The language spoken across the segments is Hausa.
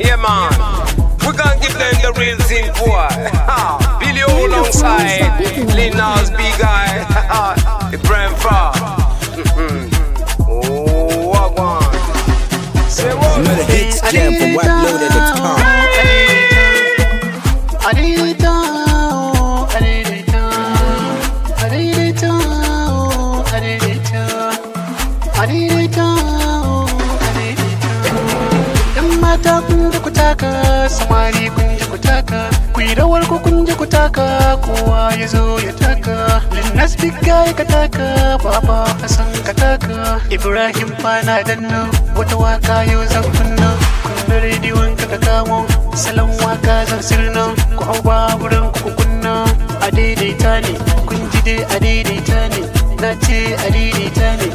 Yeah, man. We gonna give them the real thing, boy. Billy alongside Linus B guy, the brand far. Oh, I want. Say what? Another hit, yeah, from White Loaded. kutaka samari kun ji ku ku yi rawar ku kun ji kowa ya zo ya taka linnas bigga ya taka baba hasan kataka ibrahim fana danno wata waka yau zan kunna kunna ka kamo salon waka zan sirna ku hau baburan ku kunna a daidaita ne kun ji dai a daidaita ne na ce a daidaita ne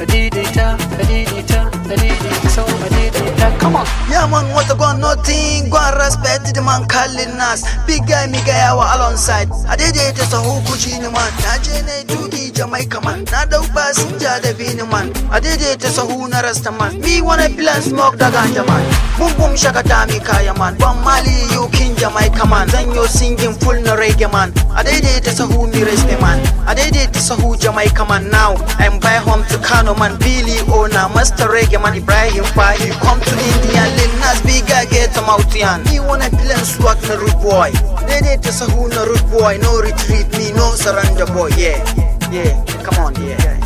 a daidaita a daidaita Come on. Yeah man, what about nothing? Go and respect the man calling us. Big guy, me guy, our alongside. I did it just a whole kuchin man. I did do the Jamaica man. Not the passenger, the bean man. I did it just a who narasta man. Me wanna and smoke the ganja man. Boom boom shakata me kaya man. One Mali, you king Jamaica man. Then you're singing full no reggae man. I did it just a who the man. I did it just a who Jamaica man now. I'm by home to Kano man. Billy, owner, oh, now master reggae. Yaman Ibrahim Pai You come to India, Lil Nas Biga get a mountain. yan wanna clean swag na rude boy Dede ta sahu a rude boy No retreat me, no surrender boy Yeah, yeah, come on, yeah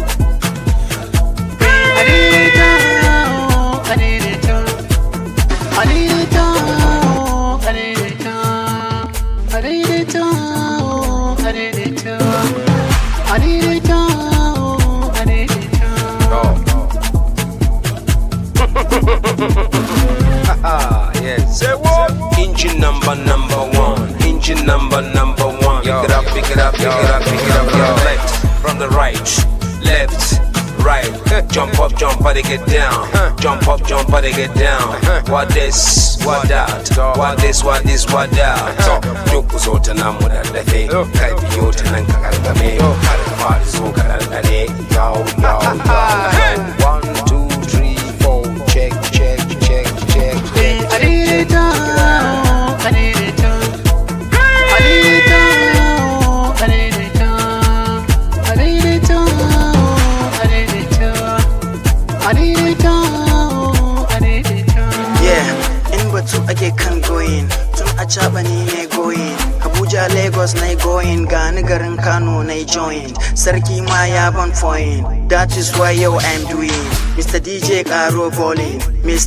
Anita, Anita, Anita, Anita, Anita, Anita, Anita. yes. Say what? Engine number number one. Engine number number one. Yo. Pick it up, pick it up, pick Yo. it up, pick it up. Yo. Left from the right, left right. jump up, jump up, they get down. Jump up, jump up, they get down. What this, what that, what this, what this, what that. Duk zote na muda dafe, kaifi yote nan kakarkame. Har fari zo karar dare, yawo, yawo, yawo. Lagos na going gani garin Kano na join Sarki ma ya ban foin That is why yau I'm doing Mr. DJ Karo bowling Mai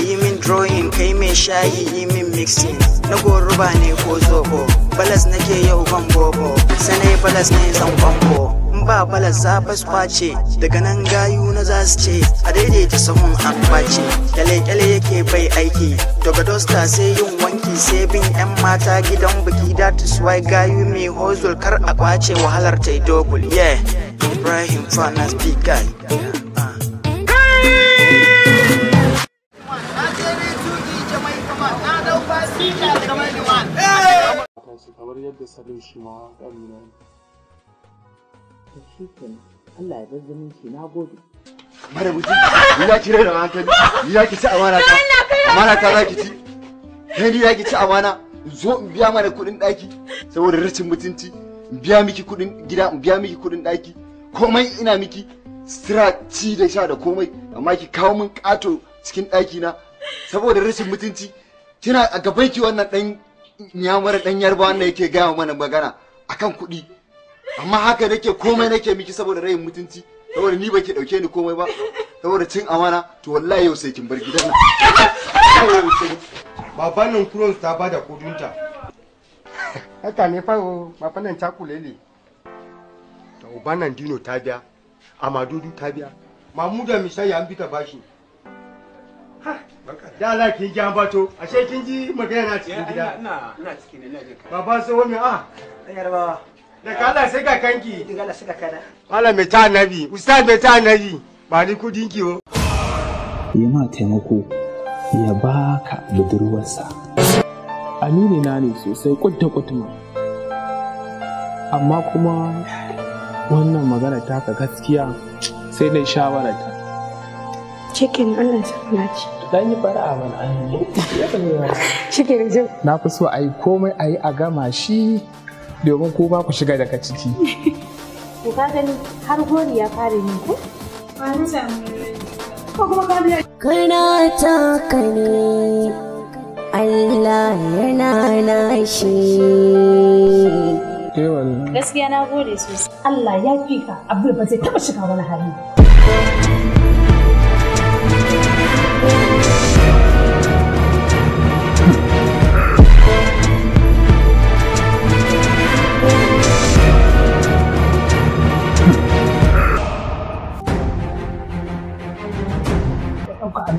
yi min drawing Kai mai shayi yi min mixing Na goruba ne ko zobo Balas nake yau ban bobo Sanai balas ne zan bambo ba malasa zafas kwace daga nan gayu na za su ce a daidaita sahun an kwace kyale-kyale yake bai aiki daga dosta sai yin wanki sai bin yan mata gidan biki datus suwai gayu mai hozul kar a kwace wahalar ta dogul yeah ibrahim fana yadda salim shi to shi kenan Allah ya bar zumunci na gode mara mutum ni za ki raina hankali ni za ki ci amana ta amana ta za ci ni ni za ki ci amana zo in biya mana kuɗin daki saboda rashin mutunci in biya miki kuɗin gida in biya miki kuɗin daki komai ina miki sira ci da sha da komai amma ki kawo min ƙato cikin daki na saboda rashin mutunci kina a gaban ki wannan ɗan nyamara ɗan yarba wanda yake gaya mana magana akan kuɗi amma haka nake komai nake miki saboda rayin mutunci saboda ni baki dauke ni komai ba saboda cin amana to wallahi yau sai kin bar gidan nan baban nan kurons ta bada kudunta haka ne fa baban nan ta kulele to uban nan dino ta biya amadudu ta biya mamuda misali an bita bashi da Allah kin ji bato ashe kin ji magana cikin eh, gida ina ina cikin ina je baba sai wani a ah. yarbawa da ka Allah sai ka kanki da Allah sai ka kana mai ta annabi ustaz mai ta annabi ba ni kudin ki wo ya ma taimako ya baka budurwarsa amini na ne sosai kwata kwatuma amma kuma wannan magana ta ka gaskiya sai na shawara ta cikin Allah sana ce dan yi fara mana an yi na fi so a yi komai a yi a gama shi domin ko ba ku shiga daga ciki. Ku ka gani har gori ya fara yin ko? Ba na Kana ne Allah yana shi. Eh, Gaskiya na gode sosai. Allah ya fi ka abu ba zai taɓa shiga wani hali.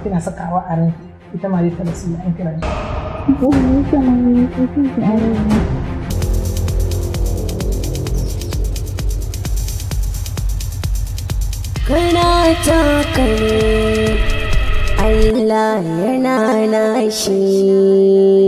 kina sakawa a rai ita ma dai ta rasu an kira ji. Kana ta kare, Allah yana nashi.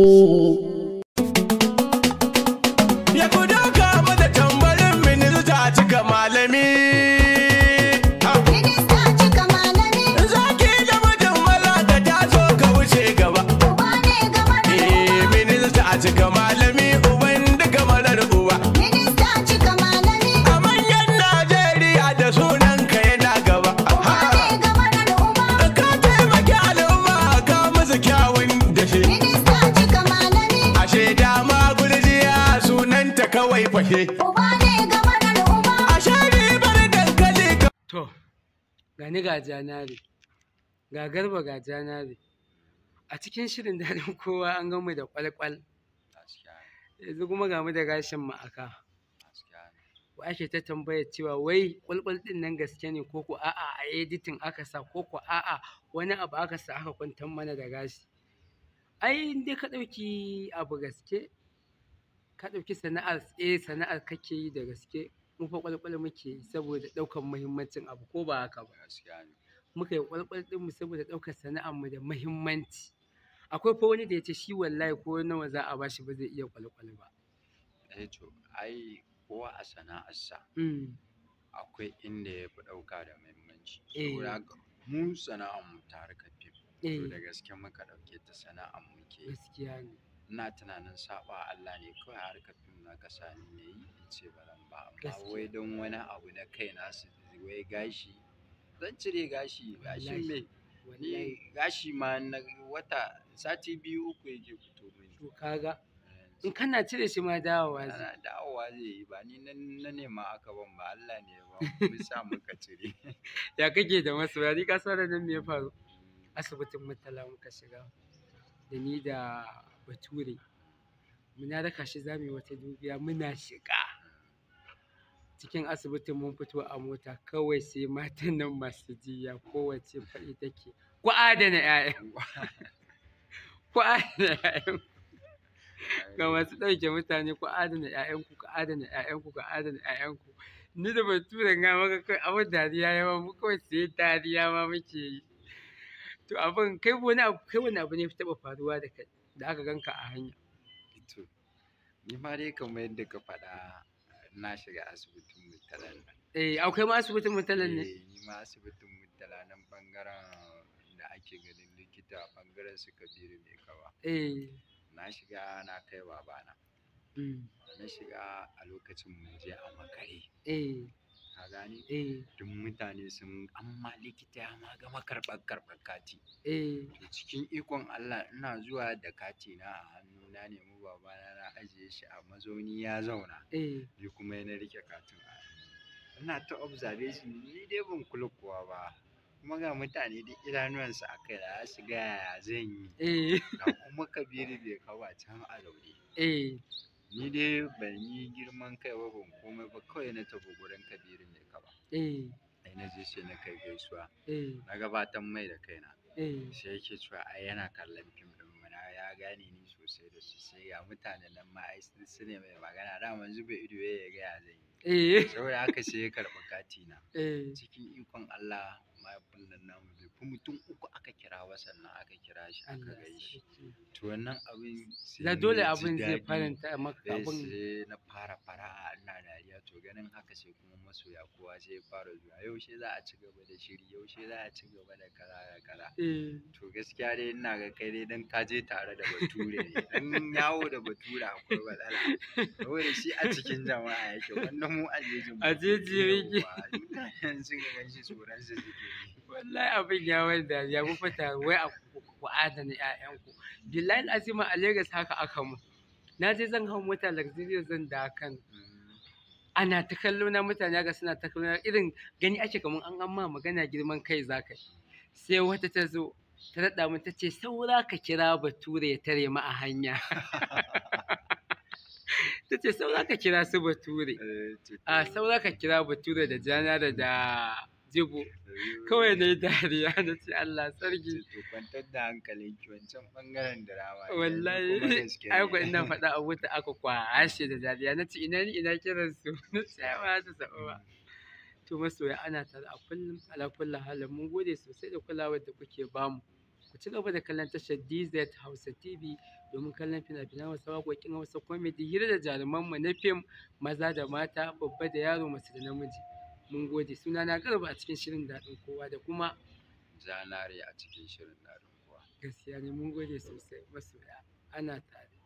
ga ga garba ga janare a cikin shirin daɗin kowa an gama da kwalkwal yanzu kuma ga mu da gashin ma'aka wa ake ta tambaya cewa wai kwalkwal din nan gaske ne ko ko a'a a editin aka sa ko ko a'a wani abu aka sa aka kwantar mana da gashi ai in dai ka ɗauki abu gaske ka ɗauki sana'ar eh sana'ar kake yi da gaske mu fa kwalkwal muke saboda ɗaukar muhimmancin abu ko ba haka ba muka yi kwalkwal din mu saboda ɗaukar sana'ar mu da muhimmanci akwai fa wani da ya ce shi wallahi ko nawa za a bashi ba zai iya kwalkwal ba eh to ai kowa a sana'ar sa, mm. akwai inda ya ɗauka da muhimmanci eh. saboda mu sana'ar mu ta harkar fim to eh. da gaske muka ɗauke ta sana'ar mu ke gaskiya ne ina tunanin saba Allah ne kawai harkar fim na kasa ni na yi in ce ba zan ba amma wai don wani abu na kai na su wai gashi zan cire gashi gashi me ni gashi ma na wata sati biyu uku yake fito mini to kaga eh, in kana cire shi ma dawowa zai ana dawowa zai yi ba ni na nema aka ban ba Allah ne ya ba mun sa muka cire ya kake da masu ya ni ka da nan me ya faru mm. asibitin mutala muka shiga da ni da bature na raka shi za mu yi wata dubiya muna shiga cikin asibitin mun fito a mota kawai sai matan nan masu jiya kowace faɗi take ku adana 'ya'yan ku adana 'ya'yan ga masu ɗauke mutane ku adana 'ya'yanku ku adana 'ya'yanku ku adana 'ya'yanku ni da baturen ga maka kai abin dariya ya mu kawai sai dariya ma muke yi to abin kai wani abu kai wani abu ne ya taɓa faruwa da kai da aka ganka a hanya to ni ma dai kamar yadda ka faɗa na shiga asibitin murtala nan eh akwai ma asibitin murtala ne eh ni ma asibitin murtala nan bangaren da ake ganin likita bangaren su kabiru mai kawa eh na shiga na kai babana mm. na shiga a lokacin mun je a makare eh ka gane eh. duk mutane sun amma likita ya ma gama karɓar karɓar kati da eh. cikin ikon Allah ina zuwa da kati na a hannu na nemi babana na ajiye shi a mazauni ya zauna eh. ni kuma na rike katin a ina ta observation ni dai ban kula kuwa ba kuma ga mutane duk idanuwansu a kai da su ga yaya zan yi da kuma kabiru bai kawo can a zaune ni dai ban yi girman kai ba ban komai ba kawai na tafi gurin kabiru ne kaba eh na je sai na kai gaisuwa eh. na gabatar mai da kaina eh. sai yake cewa ai yana kallon fim din mu na ya gane ni sosai da sai ga mutanen nan ma ai sun ne mai magana da man zube ido ya ga ya zan yi eh. saboda haka sai ya karɓi kati na cikin ikon Allah mahaifin nan namu bai fi mutum uku aka kira wasannan aka kira shi aka gai shi to wannan abin sai dole abin zai faranta maka abin sai na fara fara a ina dariya to ganin haka sai kuma masoya kowa sai ya fara zuwa yaushe za a ci gaba da shiri yaushe za a ci gaba da kala da kaza eh. to gaskiya dai ina ga kai dai dan ka je tare da bature ne dan yawo da bature akwai matsala saboda shi a cikin jama'a yake wannan mu a jejin a jejin wallahi abin ya wani dariya ku fita wai ku adana ƴaƴanku billahi azima a Legas haka aka mu na je zan hau mota luxurious zan da kan ana ta kallo na mutane ga suna ta kallo irin gani ake kaman an amma magana girman kai za zaka sai wata ta zo ta daɗa mun ta ce saura ka kira bature ya tare mu a hanya ta ce saura ka kira su bature eh, a ah, saura ka kira bature da jana da da jibo kawai na yi dariya na ce Allah sarki to kwantar da hankalin ki wancan bangaren wallahi ai ina faɗa a wuta aka kwashe da dariya na ce ina ni ina kiran su na ce ba su ba. to masoya ana tare a kullum ala kullu halin mun gode sosai da kulawar da kuke bamu ku ci gaba da kallon tashar DZ Hausa TV domin kallon fina-finan wasu waƙoƙin Hausa komedi hira da jaruman mu na fim maza da mata babba da yaro mace da namiji mun gode suna na garba a cikin shirin daɗin kowa da kuma zanare a cikin shirin daɗin kowa gaskiya ne mun gode sosai masoya ana tare